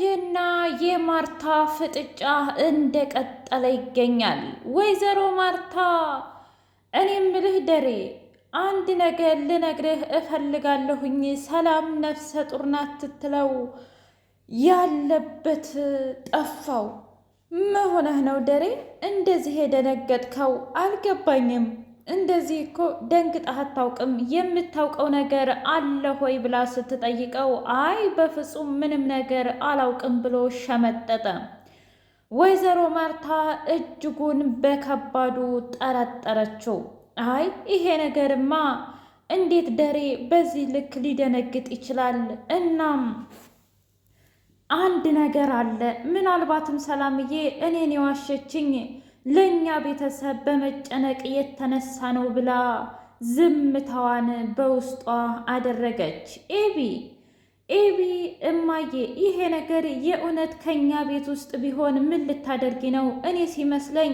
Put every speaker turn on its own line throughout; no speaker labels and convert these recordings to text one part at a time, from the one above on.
የደረጀና የማርታ ፍጥጫ እንደቀጠለ ይገኛል። ወይዘሮ ማርታ እኔ ምልህ ደሬ አንድ ነገር ልነግርህ እፈልጋለሁኝ። ሰላም ነፍሰ ጡር ናት ትትለው ያለበት ጠፋው። መሆነህ ነው ደሬ እንደዚህ የደነገጥከው? አልገባኝም። እንደዚህ እኮ ደንግጠህ አታውቅም፣ የምታውቀው ነገር አለ ሆይ ብላ ስትጠይቀው አይ በፍጹም ምንም ነገር አላውቅም ብሎ ሸመጠጠ። ወይዘሮ ማርታ እጅጉን በከባዱ ጠረጠረችው። አይ ይሄ ነገርማ እንዴት ደሬ በዚህ ልክ ሊደነግጥ ይችላል? እናም አንድ ነገር አለ። ምናልባትም ሰላምዬ እኔን የዋሸችኝ ለእኛ ቤተሰብ በመጨነቅ የተነሳ ነው ብላ ዝምታዋን በውስጧ አደረገች። ኤቢ ኤቢ እማዬ፣ ይሄ ነገር የእውነት ከእኛ ቤት ውስጥ ቢሆን ምን ልታደርጊ ነው? እኔ ሲመስለኝ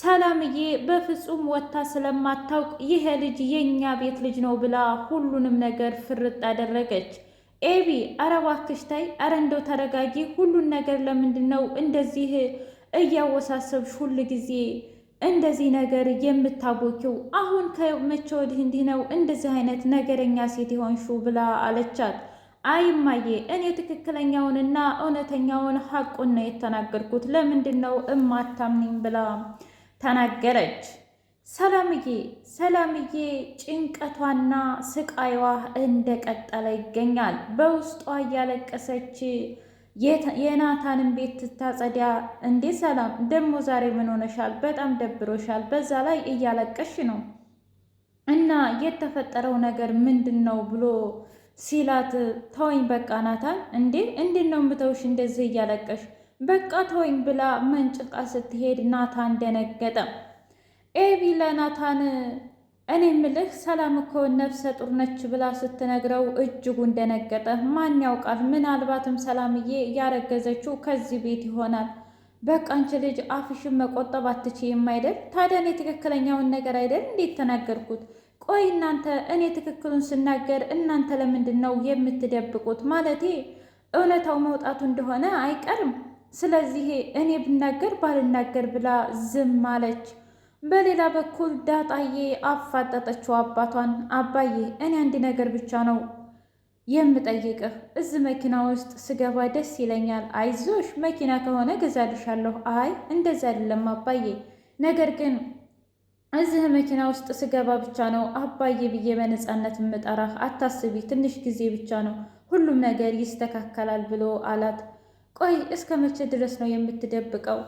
ሰላምዬ በፍጹም ወታ ስለማታውቅ ይሄ ልጅ የእኛ ቤት ልጅ ነው ብላ ሁሉንም ነገር ፍርጥ አደረገች። ኤቢ አረ እባክሽ ተይ፣ አረ እንደው ተረጋጊ። ሁሉን ነገር ለምንድን ነው እንደዚህ እያወሳሰብሽ ሁል ጊዜ እንደዚህ ነገር የምታቦኪው አሁን ከመቼ ወዲህ እንዲህ ነው እንደዚህ አይነት ነገረኛ ሴት የሆንሹ ብላ አለቻት። አይማዬ እኔ ትክክለኛውንና እውነተኛውን ሀቁን ነው የተናገርኩት። ለምንድን ነው እማታምኝ? ብላ ተናገረች። ሰላምዬ ሰላምዬ ጭንቀቷና ስቃይዋ እንደቀጠለ ይገኛል። በውስጧ እያለቀሰች የናታንን ቤት ትታጸዲያ እንዴ? ሰላም ደግሞ ዛሬ ምን ሆነሻል? በጣም ደብሮሻል፣ በዛ ላይ እያለቀሽ ነው እና የተፈጠረው ነገር ምንድን ነው ብሎ ሲላት፣ ተወኝ በቃ ናታን። እንዴ እንዴት ነው ምተውሽ እንደዚህ እያለቀሽ? በቃ ተወኝ ብላ መንጭቃ ስትሄድ ናታን ደነገጠ። ኤቢ ለናታን እኔ የምልህ ሰላም እኮ ነፍሰ ጡር ነች ብላ ስትነግረው እጅጉ እንደነገጠ ማን ያውቃል፣ ምናልባትም ሰላምዬ ያረገዘችው ከዚህ ቤት ይሆናል። በቃ አንቺ ልጅ አፍሽን መቆጠብ አትችይም አይደል? ታዲያ እኔ ትክክለኛውን ነገር አይደል እንዴት ተናገርኩት? ቆይ እናንተ እኔ ትክክሉን ስናገር እናንተ ለምንድን ነው የምትደብቁት? ማለቴ እውነታው መውጣቱ እንደሆነ አይቀርም። ስለዚህ እኔ ብናገር ባልናገር ብላ ዝም አለች። በሌላ በኩል ዳጣዬ አፋጠጠችው አባቷን። አባዬ እኔ አንድ ነገር ብቻ ነው የምጠይቅህ። እዚህ መኪና ውስጥ ስገባ ደስ ይለኛል። አይዞሽ መኪና ከሆነ ገዛልሻለሁ። አይ እንደዛ አይደለም አባዬ፣ ነገር ግን እዚህ መኪና ውስጥ ስገባ ብቻ ነው አባዬ ብዬ በነፃነት የምጠራህ። አታስቢ፣ ትንሽ ጊዜ ብቻ ነው፣ ሁሉም ነገር ይስተካከላል ብሎ አላት። ቆይ እስከ መቼ ድረስ ነው የምትደብቀው?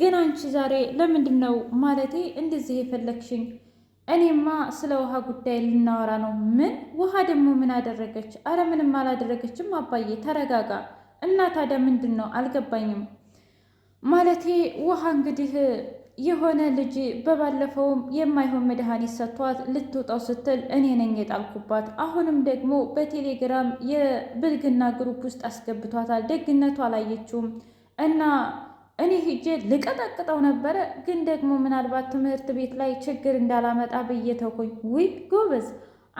ግን አንቺ ዛሬ ለምንድን ነው ማለቴ እንደዚህ የፈለግሽኝ? እኔማ ስለ ውሃ ጉዳይ ልናወራ ነው። ምን ውሃ ደግሞ ምን አደረገች? አረ ምንም አላደረገችም። አባዬ ተረጋጋ። እና ታዲያ ምንድን ነው አልገባኝም። ማለቴ ውሃ እንግዲህ የሆነ ልጅ በባለፈውም የማይሆን መድኃኒት ሰጥቷት ልትወጣው ስትል እኔ ነኝ የጣልኩባት። አሁንም ደግሞ በቴሌግራም የብልግና ግሩፕ ውስጥ አስገብቷታል። ደግነቱ አላየችውም እና እኔ ሄጄ ልቀጠቅጠው ነበረ፣ ግን ደግሞ ምናልባት ትምህርት ቤት ላይ ችግር እንዳላመጣ ብዬ ተውኩኝ። ውይ ጎበዝ፣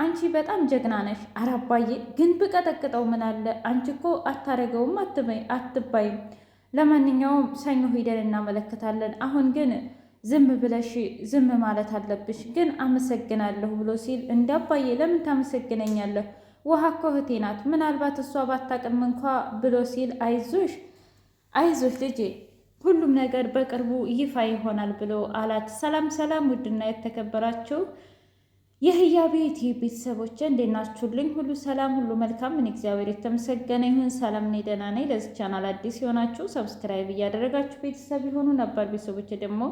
አንቺ በጣም ጀግና ነሽ። አራባዬ ግን ብቀጠቅጠው ምን አለ? አንቺ እኮ አታረገውም አትባይም። ለማንኛውም ሰኞ ሂደን እናመለከታለን። አሁን ግን ዝም ብለሽ ዝም ማለት አለብሽ። ግን አመሰግናለሁ ብሎ ሲል እንደ አባዬ ለምን ታመሰግነኛለህ? ውሃ እኮ እህቴ ናት። ምናልባት እሷ ባታቅም እንኳ ብሎ ሲል አይዞሽ አይዞሽ ልጄ ሁሉም ነገር በቅርቡ ይፋ ይሆናል ብሎ አላት። ሰላም ሰላም! ውድና የተከበራችሁ የህያ ቤት ቤተሰቦች እንዴት ናችሁልኝ? ሁሉ ሰላም፣ ሁሉ መልካም። ምን እግዚአብሔር የተመሰገነ ይሁን። ሰላም፣ እኔ ደህና ነኝ። ለዚህ ቻናል አዲስ የሆናችሁ ሰብስክራይብ እያደረጋችሁ ቤተሰብ የሆኑ ነባር ቤተሰቦች ደግሞ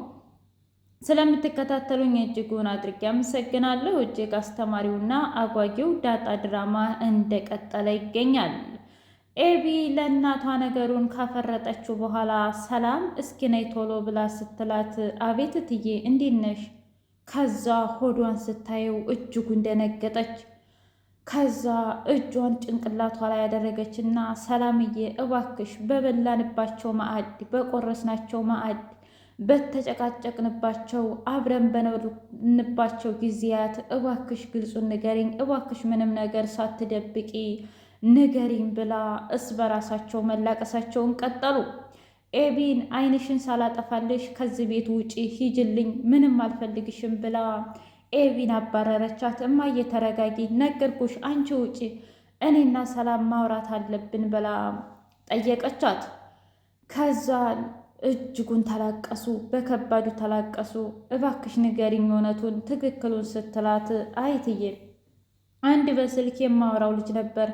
ስለምትከታተሉኝ እጅጉን አድርጌ አመሰግናለሁ። እጅግ አስተማሪውና አጓጊው ዳጣ ድራማ እንደቀጠለ ይገኛል። ኤቢ ለእናቷ ነገሩን ካፈረጠችው በኋላ ሰላም እስኪ ነይ ቶሎ ብላ ስትላት አቤት እትዬ እንዴት ነሽ? ከዛ ሆዷን ስታየው እጅጉን ደነገጠች። ከዛ እጇን ጭንቅላቷ ላይ ያደረገች እና ሰላምዬ እባክሽ በበላንባቸው ማዕድ፣ በቆረስናቸው ማዕድ፣ በተጨቃጨቅንባቸው አብረን በኖርንባቸው ጊዜያት እባክሽ ግልጹን ንገሪኝ፣ እባክሽ ምንም ነገር ሳትደብቂ ንገሪም ብላ እስ በራሳቸው መላቀሳቸውን ቀጠሉ። ኤቢን አይንሽን ሳላጠፋልሽ ከዚህ ቤት ውጪ ሂጅልኝ፣ ምንም አልፈልግሽም ብላ ኤቢን አባረረቻት። እማዬ ተረጋጊ፣ ነገርኩሽ፣ አንቺ ውጪ፣ እኔና ሰላም ማውራት አለብን ብላ ጠየቀቻት። ከዛ እጅጉን ተላቀሱ፣ በከባዱ ተላቀሱ። እባክሽ ንገሪኝ እውነቱን፣ ትክክሉን ስትላት አይትዬ አንድ በስልክ የማወራው ልጅ ነበር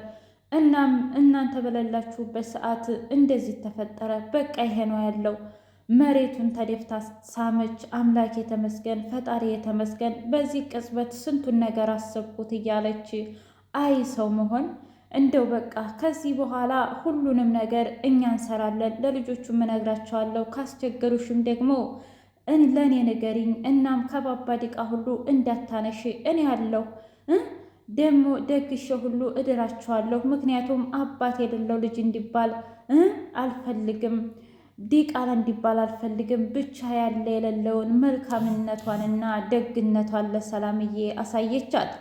እናም እናንተ በሌላችሁበት ሰዓት እንደዚህ ተፈጠረ። በቃ ይሄ ነው ያለው። መሬቱን ተደፍታ ሳመች። አምላክ የተመስገን፣ ፈጣሪ የተመስገን፣ በዚህ ቅጽበት ስንቱን ነገር አሰብኩት እያለች አይ ሰው መሆን እንደው በቃ ከዚህ በኋላ ሁሉንም ነገር እኛ እንሰራለን። ለልጆቹም እነግራቸዋለሁ። ካስቸገሩሽም ደግሞ ለእኔ ንገሪኝ። እናም ከባባድ ዕቃ ሁሉ እንዳታነሽ እኔ አለሁ። ደግሞ ደግሼ ሁሉ እድራችኋለሁ። ምክንያቱም አባት የሌለው ልጅ እንዲባል አልፈልግም፣ ዲቃላ እንዲባል አልፈልግም። ብቻ ያለ የሌለውን መልካምነቷንና ደግነቷን ለሰላምዬ አሳየቻት።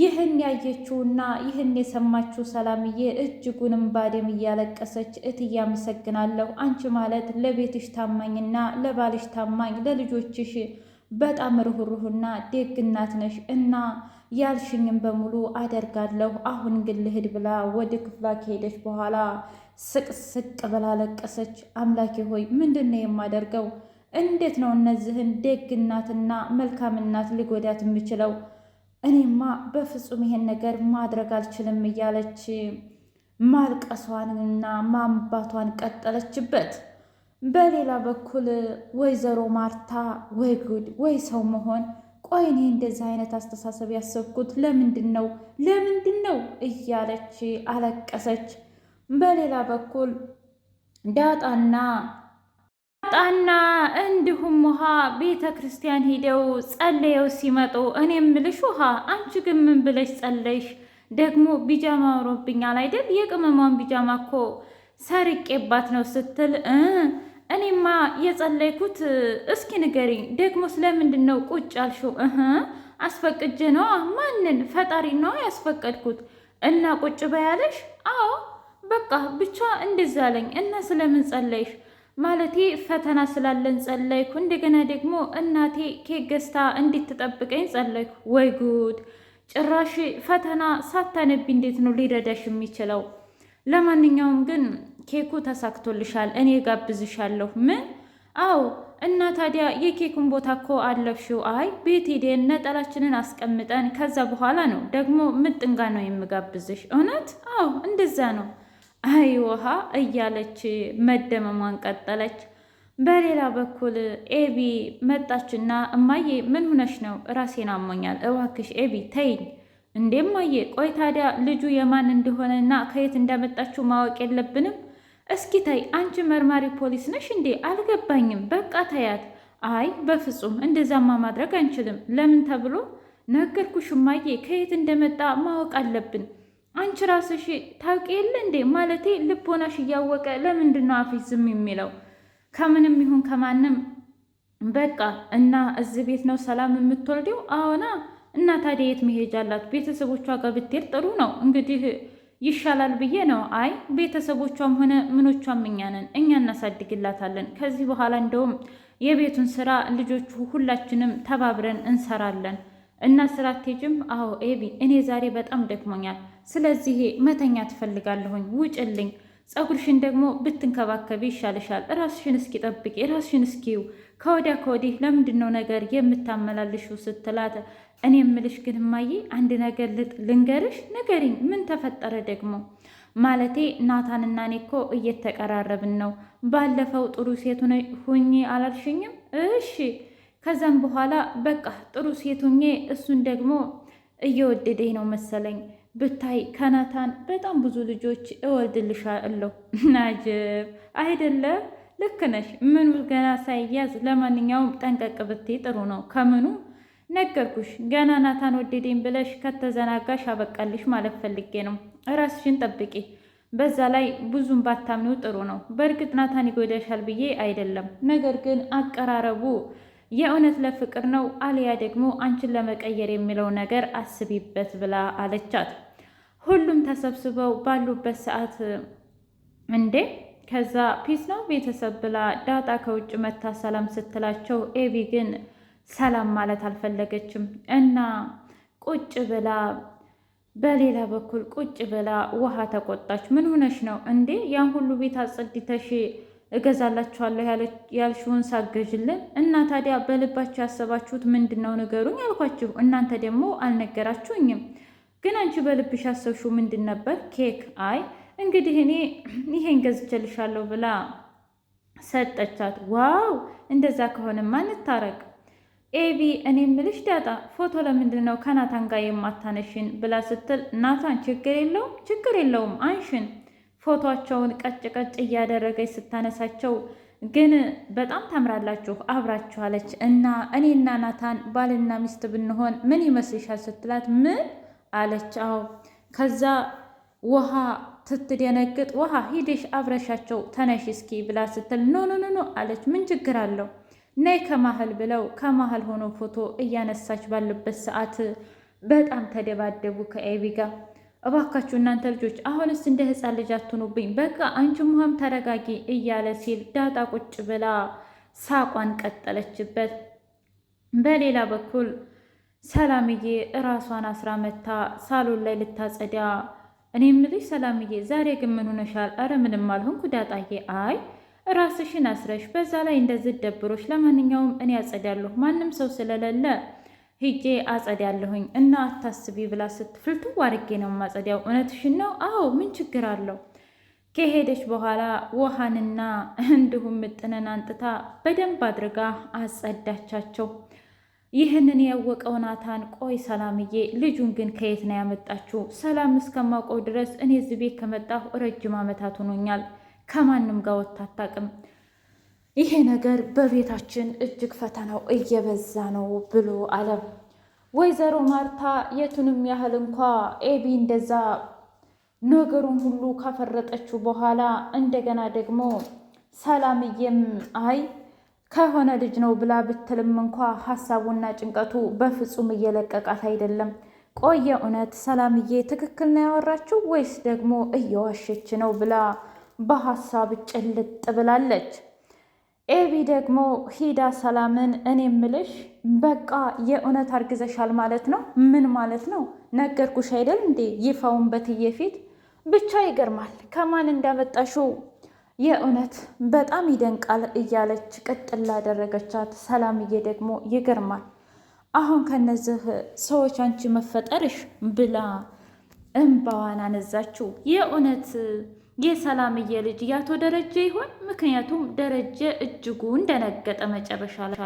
ይህን ያየችውና ይህን የሰማችው ሰላምዬ እጅጉንም ባደም እያለቀሰች እትዬ አመሰግናለሁ። አንቺ ማለት ለቤትሽ ታማኝና ለባልሽ ታማኝ፣ ለልጆችሽ በጣም ርኅሩህና ደግ እናት ነሽ እና ያልሽኝም በሙሉ አደርጋለሁ። አሁን ግን ልሂድ ብላ ወደ ክፍላ ከሄደች በኋላ ስቅስቅ ብላ ለቀሰች። አምላኬ ሆይ ምንድን ነው የማደርገው? እንዴት ነው እነዚህን ደግ እናትና መልካም እናት የምችለው? እኔማ በፍጹም ይሄን ነገር ማድረግ አልችልም እያለች ማልቀሷንና ማንባቷን ቀጠለችበት። በሌላ በኩል ወይዘሮ ማርታ ወይ ጉድ ወይ ሰው መሆን ቆይ እኔ እንደዚህ አይነት አስተሳሰብ ያሰብኩት ለምንድን ነው ለምንድን ነው እያለች አለቀሰች። በሌላ በኩል ዳጣና ጣና እንዲሁም ውሃ ቤተ ክርስቲያን ሄደው ጸለየው ሲመጡ እኔ ምልሽ ውሃ፣ አንቺ ግን ምን ብለሽ ጸለይሽ? ደግሞ ቢጃማ አምሮብኛል አይደል? የቅመሟን ቢጃማ እኮ ሰርቄባት ነው ስትል እኔማ የጸለይኩት እስኪ ንገሪኝ ደግሞ ስለምንድን ነው ቁጭ ያልሽው? እህ አስፈቅጄ ነዋ። ማንን? ፈጣሪ ነዋ ያስፈቀድኩት። እና ቁጭ በያለሽ? አዎ በቃ ብቻ እንደዛ አለኝ። እና ስለምን ጸለይሽ? ማለቴ ፈተና ስላለን ጸለይኩ። እንደገና ደግሞ እናቴ ኬክ ገዝታ እንድትጠብቀኝ ጸለይኩ። ወይ ጉድ! ጭራሽ ፈተና ሳታነቢ እንዴት ነው ሊረዳሽ የሚችለው? ለማንኛውም ግን ኬኩ ተሳክቶልሻል፣ እኔ ጋብዝሻለሁ። ምን? አዎ። እና ታዲያ የኬኩን ቦታ እኮ አለፍሽው። አይ ቤት ሄደን ነጠላችንን አስቀምጠን ከዛ በኋላ ነው ደግሞ ምጥንጋ ነው የምጋብዝሽ። እውነት? አዎ እንደዛ ነው። አይ ውሃ እያለች መደመሟን ቀጠለች። በሌላ በኩል ኤቢ መጣችና እማዬ ምን ሁነሽ ነው? ራሴን አሞኛል፣ እባክሽ ኤቢ ተይኝ። እንዴ እማዬ ቆይ ታዲያ ልጁ የማን እንደሆነና ከየት እንደመጣችው ማወቅ የለብንም? እስኪ ታይ አንቺ መርማሪ ፖሊስ ነሽ እንዴ? አልገባኝም። በቃ ታያት። አይ በፍጹም እንደዛማ ማድረግ አንችልም። ለምን ተብሎ ነገርኩሽ እማዬ፣ ከየት እንደመጣ ማወቅ አለብን። አንቺ ራስሽ ታውቂ የለ እንዴ? ማለቴ ልቦናሽ እያወቀ ለምንድን ነው አፍሽ ዝም የሚለው? ከምንም ይሁን ከማንም በቃ እና እዚህ ቤት ነው ሰላም የምትወልደው? አዎና። እና ታዲያ የት መሄጃ አላት? ቤተሰቦቿ ጋር ብትሄድ ጥሩ ነው እንግዲህ ይሻላል ብዬ ነው። አይ ቤተሰቦቿም ሆነ ምኖቿም እኛ ነን፣ እኛ እናሳድግላታለን። ከዚህ በኋላ እንደውም የቤቱን ስራ ልጆቹ ሁላችንም ተባብረን እንሰራለን እና ስራ አትሄጂም? አዎ ኤቢ፣ እኔ ዛሬ በጣም ደክሞኛል፣ ስለዚህ መተኛ ትፈልጋለሁኝ፣ ውጭልኝ ፀጉርሽን ደግሞ ብትንከባከቢ ይሻልሻል። ራስሽን እስኪ ጠብቂ፣ ራስሽን እስኪው ከወዲያ ከወዲህ ለምንድን ነው ነገር የምታመላልሹ? ስትላት እኔ የምልሽ ግን እማዬ አንድ ነገር ልንገርሽ። ንገሪኝ። ምን ተፈጠረ ደግሞ? ማለቴ ናታንና እኔ እኮ እየተቀራረብን ነው። ባለፈው ጥሩ ሴት ሁኜ አላልሽኝም? እሺ። ከዛም በኋላ በቃ ጥሩ ሴት ሁኜ እሱን ደግሞ እየወደደኝ ነው መሰለኝ ብታይ ከናታን በጣም ብዙ ልጆች እወልድልሻለሁ። ናጅብ አይደለ? ልክ ነሽ። ምኑ ገና ሳይያዝ ለማንኛውም ጠንቀቅ ብቴ ጥሩ ነው። ከምኑ ነገርኩሽ። ገና ናታን ወደደኝ ብለሽ ከተዘናጋሽ አበቃልሽ ማለት ፈልጌ ነው። ራስሽን ጠብቂ። በዛ ላይ ብዙም ባታምኒው ጥሩ ነው። በእርግጥ ናታን ይጎዳሻል ብዬ አይደለም፣ ነገር ግን አቀራረቡ የእውነት ለፍቅር ነው አሊያ ደግሞ አንቺን ለመቀየር የሚለው ነገር አስቢበት ብላ አለቻት። ሁሉም ተሰብስበው ባሉበት ሰዓት እንዴ ከዛ ፒስ ነው ቤተሰብ ብላ ዳጣ ከውጭ መታ ሰላም ስትላቸው፣ ኤቢ ግን ሰላም ማለት አልፈለገችም እና ቁጭ ብላ በሌላ በኩል ቁጭ ብላ ውሃ ተቆጣች። ምን ሆነሽ ነው እንዴ ያን ሁሉ ቤት አጸድተሽ እገዛላችኋለሁ ያልሽውን ሳገዥልን እና ታዲያ በልባችሁ ያሰባችሁት ምንድን ነው ንገሩኝ እናንተ ደግሞ አልነገራችሁኝም። ግን አንቺ በልብሽ ያሰብሽው ምንድን ነበር? ኬክ። አይ እንግዲህ እኔ ይሄን ገዝቼልሻለሁ ብላ ሰጠቻት። ዋው እንደዛ ከሆነማ እንታረቅ። ኤቢ እኔ ምልሽ ዳጣ ፎቶ ለምንድን ነው ከናታን ጋር የማታነሽን? ብላ ስትል ናታን ችግር የለውም ችግር የለውም አንሽን ፎቶቸውን ቀጭ ቀጭ እያደረገች ስታነሳቸው ግን በጣም ታምራላችሁ አብራችሁ አለች እና እኔና ናታን ባልና ሚስት ብንሆን ምን ይመስልሻል ስትላት ምን አለች አዎ ከዛ ውሃ ስትደነግጥ ውሃ ሂደሽ አብረሻቸው ተነሽ እስኪ ብላ ስትል ኖ ኖ ኖ አለች ምን ችግር አለው ነይ ከመሀል ብለው ከማህል ሆኖ ፎቶ እያነሳች ባለበት ሰዓት በጣም ተደባደቡ ከኤቢ ጋር እባካችሁ እናንተ ልጆች አሁንስ እንደ ህፃን ልጅ አትሆኑብኝ፣ በቃ አንቺ ሙሃም ተረጋጊ እያለ ሲል ዳጣ ቁጭ ብላ ሳቋን ቀጠለችበት። በሌላ በኩል ሰላምዬ እራሷን አስራ መታ ሳሎን ላይ ልታጸዳ እኔ የምልሽ ሰላምዬ ዛሬ ግን ምን ሆነሻል? አረ ምንም አልሆንኩ ዳጣዬ። አይ ራስሽን አስረሽ በዛ ላይ እንደዚህ ደብሮሽ። ለማንኛውም እኔ ያጸዳለሁ ማንም ሰው ስለሌለ ሂጄ አጸዳያለሁኝ እና አታስቢ ብላ ስትፍልቱ ዋርጌ ነው ማጸዳያው። እውነትሽን ነው? አዎ ምን ችግር አለው? ከሄደች በኋላ ውሃንና እንዲሁም ምጥንን አንጥታ በደንብ አድርጋ አጸዳቻቸው። ይህንን ያወቀው ናታን ቆይ ሰላምዬ ልጁን ግን ከየት ነው ያመጣችው? ሰላም እስከማውቀው ድረስ እኔ እዚህ ቤት ከመጣሁ ረጅም ዓመታት ሆኖኛል። ከማንም ጋር ወጥታ አታውቅም። ይሄ ነገር በቤታችን እጅግ ፈተናው እየበዛ ነው ብሎ አለ። ወይዘሮ ማርታ የቱንም ያህል እንኳ ኤቢ እንደዛ ነገሩን ሁሉ ካፈረጠችው በኋላ እንደገና ደግሞ ሰላምዬም አይ ከሆነ ልጅ ነው ብላ ብትልም እንኳ ሀሳቡና ጭንቀቱ በፍጹም እየለቀቃት አይደለም። ቆየ እውነት ሰላምዬ ትክክል ነው ያወራችው ወይስ ደግሞ እየዋሸች ነው ብላ በሀሳብ ጭልጥ ብላለች። ኤቢ ደግሞ ሂዳ ሰላምን እኔ ምልሽ በቃ የእውነት አርግዘሻል ማለት ነው? ምን ማለት ነው? ነገርኩሽ አይደል እንዴ ይፋውን በትዬ ፊት ብቻ ይገርማል። ከማን እንዳመጣሽው የእውነት በጣም ይደንቃል እያለች ቅጥል ላደረገቻት ሰላምዬ ደግሞ ይገርማል። አሁን ከነዚህ ሰዎች አንቺ መፈጠርሽ ብላ እንባዋን አነዛችው የእውነት የሰላምዬ ልጅ ያቶ ደረጀ ይሆን? ምክንያቱም ደረጀ እጅጉን ደነገጠ መጨረሻ